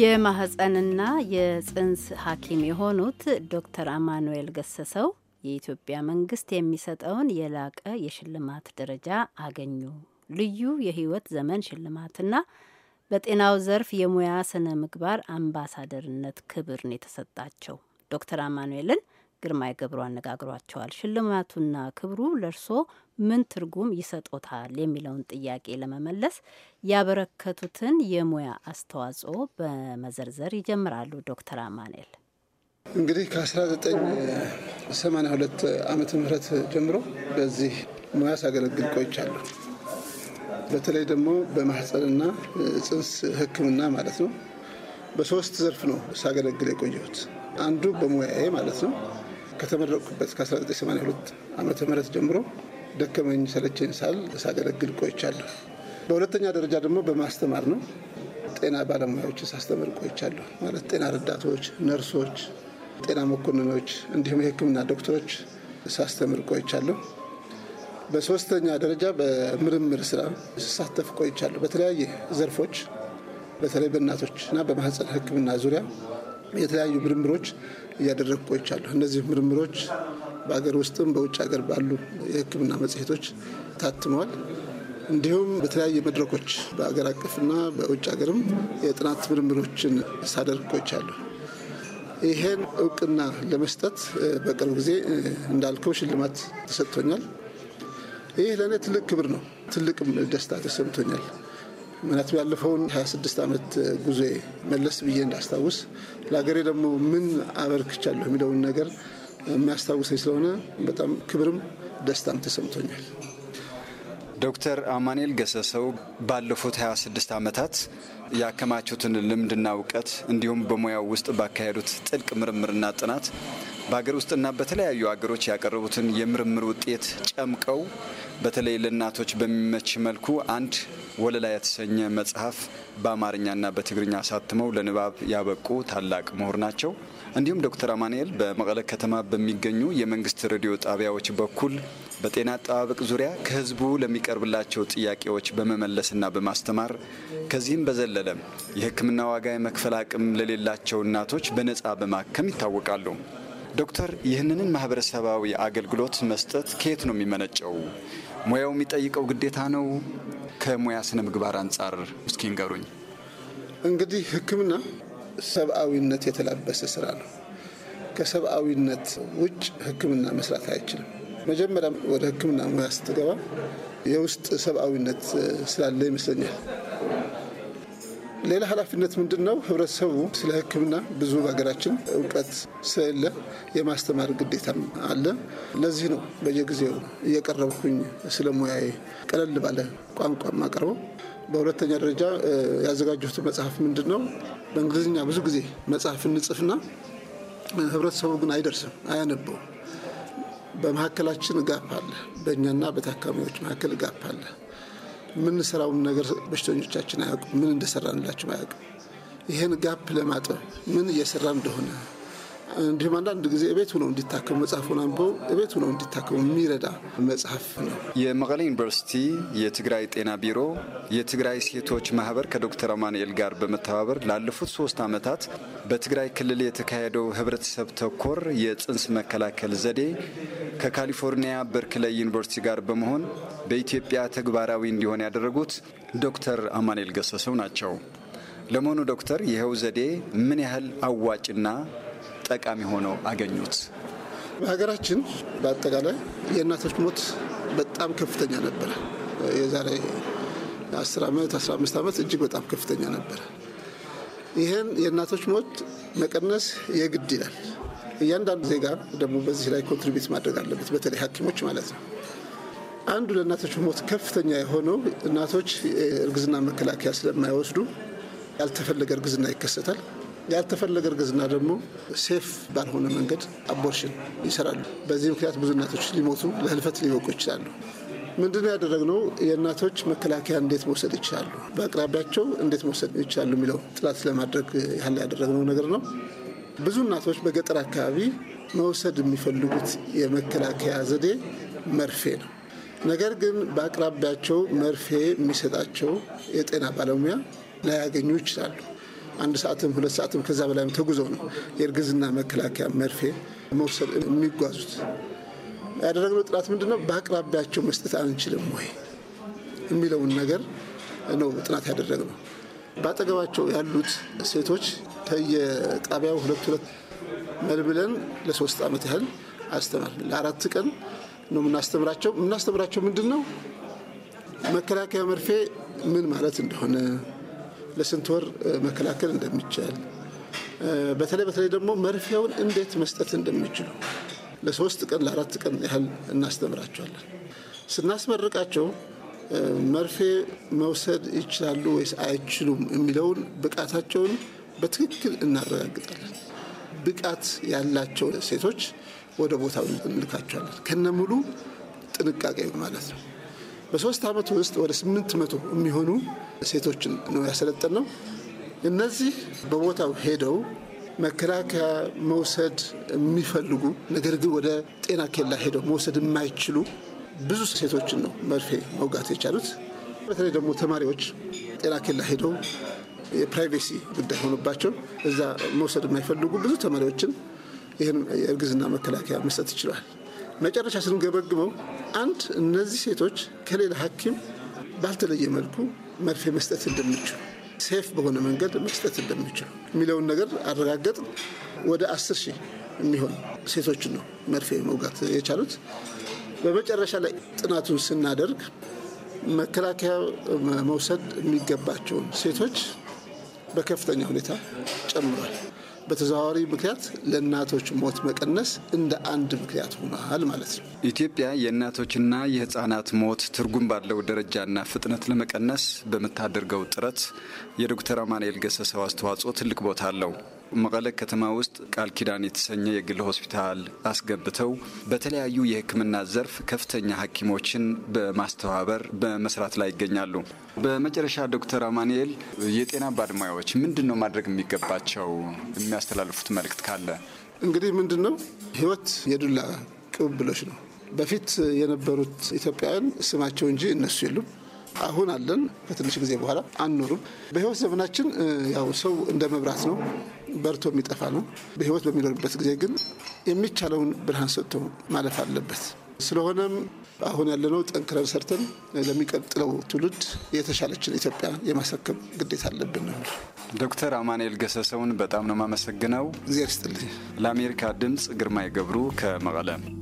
የማህፀንና የጽንስ ሐኪም የሆኑት ዶክተር አማኑኤል ገሰሰው የኢትዮጵያ መንግስት የሚሰጠውን የላቀ የሽልማት ደረጃ አገኙ። ልዩ የህይወት ዘመን ሽልማትና በጤናው ዘርፍ የሙያ ስነ ምግባር አምባሳደርነት ክብር ነው የተሰጣቸው። ዶክተር አማኑኤልን ግርማይ ገብሩ አነጋግሯቸዋል። ሽልማቱና ክብሩ ለእርሶ ምን ትርጉም ይሰጦታል የሚለውን ጥያቄ ለመመለስ ያበረከቱትን የሙያ አስተዋጽኦ በመዘርዘር ይጀምራሉ ዶክተር አማኑኤል። እንግዲህ ከ1982 ዓመተ ምህረት ጀምሮ በዚህ ሙያ ሳገለግል ቆይቻለሁ። በተለይ ደግሞ በማህፀንና ጽንስ ሕክምና ማለት ነው። በሶስት ዘርፍ ነው ሳገለግል የቆየሁት። አንዱ በሙያዬ ማለት ነው ከተመረቅኩበት ከ1982 ዓመተ ምህረት ጀምሮ ደከመኝ ሰለቸኝ ሳል ሳገለግል ቆይቻለሁ። በሁለተኛ ደረጃ ደግሞ በማስተማር ነው። ጤና ባለሙያዎች ሳስተምር ቆይቻለሁ። ማለት ጤና ረዳቶች፣ ነርሶች፣ ጤና መኮንኖች እንዲሁም የሕክምና ዶክተሮች ሳስተምር ቆይቻለሁ። በሶስተኛ ደረጃ በምርምር ስራ ስሳተፍ ቆይቻለሁ። በተለያየ ዘርፎች በተለይ በእናቶች እና በማህፀን ሕክምና ዙሪያ የተለያዩ ምርምሮች እያደረጉ ቆይቻለሁ። እነዚህ ምርምሮች በሀገር ውስጥም በውጭ ሀገር ባሉ የሕክምና መጽሔቶች ታትመዋል። እንዲሁም በተለያየ መድረኮች በአገር አቀፍና በውጭ ሀገርም የጥናት ምርምሮችን ሳደርግ ቆይቻለሁ። ይሄን እውቅና ለመስጠት በቅርብ ጊዜ እንዳልከው ሽልማት ተሰጥቶኛል። ይህ ለእኔ ትልቅ ክብር ነው። ትልቅም ደስታ ተሰምቶኛል። ምክንያቱም ያለፈውን 26 ዓመት ጉዞ መለስ ብዬ እንዳስታውስ ለሀገሬ ደግሞ ምን አበርክቻለሁ የሚለውን ነገር የሚያስታውሰኝ ስለሆነ በጣም ክብርም ደስታም ተሰምቶኛል። ዶክተር አማኑኤል ገሰሰው ባለፉት 26 ዓመታት ያከማቹትን ልምድና እውቀት እንዲሁም በሙያው ውስጥ ባካሄዱት ጥልቅ ምርምርና ጥናት በሀገር ውስጥና በተለያዩ ሀገሮች ያቀረቡትን የምርምር ውጤት ጨምቀው በተለይ ለእናቶች በሚመች መልኩ አንድ ወለላ የተሰኘ መጽሐፍ በአማርኛና በትግርኛ አሳትመው ለንባብ ያበቁ ታላቅ ምሁር ናቸው። እንዲሁም ዶክተር አማንኤል በመቀለ ከተማ በሚገኙ የመንግስት ሬዲዮ ጣቢያዎች በኩል በጤና አጠባበቅ ዙሪያ ከህዝቡ ለሚቀርብላቸው ጥያቄዎች በመመለስና በማስተማር ከዚህም በዘለለም የሕክምና ዋጋ የመክፈል አቅም ለሌላቸው እናቶች በነፃ በማከም ይታወቃሉ። ዶክተር ይህንን ማህበረሰባዊ አገልግሎት መስጠት ከየት ነው የሚመነጨው? ሙያው የሚጠይቀው ግዴታ ነው? ከሙያ ስነ ምግባር አንጻር እስኪ ንገሩኝ። እንግዲህ ሕክምና ሰብአዊነት የተላበሰ ስራ ነው። ከሰብአዊነት ውጭ ሕክምና መስራት አይችልም። መጀመሪያም ወደ ሕክምና ሙያ ስትገባ የውስጥ ሰብአዊነት ስላለ ይመስለኛል ሌላ ኃላፊነት ምንድን ነው? ህብረተሰቡ ስለ ህክምና ብዙ በሀገራችን እውቀት ስለሌለ የማስተማር ግዴታም አለ። ለዚህ ነው በየጊዜው እየቀረብኩኝ ስለ ሙያዬ ቀለል ባለ ቋንቋ ማቀርበው። በሁለተኛ ደረጃ ያዘጋጀሁት መጽሐፍ ምንድን ነው? በእንግሊዝኛ ብዙ ጊዜ መጽሐፍ እንጽፍና ህብረተሰቡ ግን አይደርስም፣ አያነበውም። በመካከላችን ጋፕ አለ። በእኛና በታካሚዎች መካከል ጋፕ አለ። የምንሰራውን ነገር በሽተኞቻችን አያውቁም። ምን እንደሰራንላቸው አያውቁም። ይህን ጋፕ ለማጠብ ምን እየሰራ እንደሆነ እንዲሁም አንዳንድ ጊዜ እቤት ሆነው እንዲታከሙ መጽሐፉን አንብበው እቤት ሆነው እንዲታከሙ የሚረዳ መጽሐፍ ነው። የመቀሌ ዩኒቨርሲቲ የትግራይ ጤና ቢሮ፣ የትግራይ ሴቶች ማህበር ከዶክተር አማንኤል ጋር በመተባበር ላለፉት ሶስት ዓመታት በትግራይ ክልል የተካሄደው ህብረተሰብ ተኮር የጽንስ መከላከል ዘዴ ከካሊፎርኒያ በርክሌይ ዩኒቨርሲቲ ጋር በመሆን በኢትዮጵያ ተግባራዊ እንዲሆን ያደረጉት ዶክተር አማንኤል ገሰሰው ናቸው። ለመሆኑ ዶክተር ይኸው ዘዴ ምን ያህል አዋጭና ጠቃሚ ሆነው አገኙት። በሀገራችን በአጠቃላይ የእናቶች ሞት በጣም ከፍተኛ ነበረ። የዛሬ 10 ዓመት 15 ዓመት እጅግ በጣም ከፍተኛ ነበረ። ይህን የእናቶች ሞት መቀነስ የግድ ይላል። እያንዳንዱ ዜጋ ደግሞ በዚህ ላይ ኮንትሪቢዩት ማድረግ አለበት፣ በተለይ ሐኪሞች ማለት ነው። አንዱ ለእናቶች ሞት ከፍተኛ የሆነው እናቶች እርግዝና መከላከያ ስለማይወስዱ ያልተፈለገ እርግዝና ይከሰታል። ያልተፈለገ እርግዝና ደግሞ ሴፍ ባልሆነ መንገድ አቦርሽን ይሰራሉ። በዚህ ምክንያት ብዙ እናቶች ሊሞቱ ለህልፈት ሊበቁ ይችላሉ። ምንድን ነው ያደረግነው? የእናቶች መከላከያ እንዴት መውሰድ ይችላሉ፣ በአቅራቢያቸው እንዴት መውሰድ ይችላሉ የሚለው ጥላት ለማድረግ ያህል ያደረግነው ነገር ነው። ብዙ እናቶች በገጠር አካባቢ መውሰድ የሚፈልጉት የመከላከያ ዘዴ መርፌ ነው። ነገር ግን በአቅራቢያቸው መርፌ የሚሰጣቸው የጤና ባለሙያ ላያገኙ ይችላሉ። አንድ ሰዓትም ሁለት ሰዓትም ከዛ በላይም ተጉዘው ነው የእርግዝና መከላከያ መርፌ መውሰድ የሚጓዙት። ያደረግነው ጥናት ምንድን ነው? በአቅራቢያቸው መስጠት አንችልም ወይ የሚለውን ነገር ነው ጥናት ያደረግነው። በአጠገባቸው ያሉት ሴቶች ከየጣቢያው ሁለት ሁለት መልምለን ለሶስት ዓመት ያህል አስተማር። ለአራት ቀን ነው የምናስተምራቸው። የምናስተምራቸው ምንድን ነው መከላከያ መርፌ ምን ማለት እንደሆነ ለስንት ወር መከላከል እንደሚቻል በተለይ በተለይ ደግሞ መርፊያውን እንዴት መስጠት እንደሚችሉ ለሶስት ቀን ለአራት ቀን ያህል እናስተምራቸዋለን። ስናስመርቃቸው መርፌ መውሰድ ይችላሉ ወይስ አይችሉም የሚለውን ብቃታቸውን በትክክል እናረጋግጣለን። ብቃት ያላቸው ሴቶች ወደ ቦታው እንልካቸዋለን ከነ ሙሉ ጥንቃቄ ማለት ነው። በሶስት ዓመት ውስጥ ወደ ስምንት መቶ የሚሆኑ ሴቶችን ነው ያሰለጠን ነው። እነዚህ በቦታው ሄደው መከላከያ መውሰድ የሚፈልጉ ነገር ግን ወደ ጤና ኬላ ሄደው መውሰድ የማይችሉ ብዙ ሴቶችን ነው መርፌ መውጋት የቻሉት። በተለይ ደግሞ ተማሪዎች ጤና ኬላ ሄደው የፕራይቬሲ ጉዳይ ሆኖባቸው እዛ መውሰድ የማይፈልጉ ብዙ ተማሪዎችን ይህን የእርግዝና መከላከያ መስጠት ይችላል። መጨረሻ ስንገበግበው አንድ እነዚህ ሴቶች ከሌላ ሐኪም ባልተለየ መልኩ መርፌ መስጠት እንደሚችሉ ሴፍ በሆነ መንገድ መስጠት እንደሚችሉ የሚለውን ነገር አረጋገጥ። ወደ አስር ሺህ የሚሆን ሴቶችን ነው መርፌ መውጋት የቻሉት። በመጨረሻ ላይ ጥናቱን ስናደርግ መከላከያ መውሰድ የሚገባቸውን ሴቶች በከፍተኛ ሁኔታ ጨምሯል። በተዘዋዋሪ ምክንያት ለእናቶች ሞት መቀነስ እንደ አንድ ምክንያት ሆኗል ማለት ነው። ኢትዮጵያ የእናቶችና የህፃናት ሞት ትርጉም ባለው ደረጃና ፍጥነት ለመቀነስ በምታደርገው ጥረት የዶክተር አማኑኤል ገሰሰው አስተዋጽኦ ትልቅ ቦታ አለው። መቀለ ከተማ ውስጥ ቃል ኪዳን የተሰኘ የግል ሆስፒታል አስገንብተው በተለያዩ የሕክምና ዘርፍ ከፍተኛ ሐኪሞችን በማስተባበር በመስራት ላይ ይገኛሉ። በመጨረሻ ዶክተር አማንኤል የጤና ባለሙያዎች ምንድን ነው ማድረግ የሚገባቸው? የሚያስተላልፉት መልእክት ካለ እንግዲህ ምንድን ነው? ህይወት የዱላ ቅብብሎች ነው። በፊት የነበሩት ኢትዮጵያውያን ስማቸው እንጂ እነሱ የሉም። አሁን አለን፣ ከትንሽ ጊዜ በኋላ አንኖሩም። በህይወት ዘመናችን ያው ሰው እንደ መብራት ነው በርቶ የሚጠፋ ነው። በህይወት በሚኖርበት ጊዜ ግን የሚቻለውን ብርሃን ሰጥቶ ማለፍ አለበት። ስለሆነም አሁን ያለነው ጠንክረን ሰርተን ለሚቀጥለው ትውልድ የተሻለችን ኢትዮጵያ የማስረከብ ግዴታ አለብን ነው። ዶክተር አማንኤል ገሰሰውን በጣም ነው የማመሰግነው። እግዚአብሔር ይስጥልኝ። ለአሜሪካ ድምፅ ግርማይ ገብሩ ከመቀለ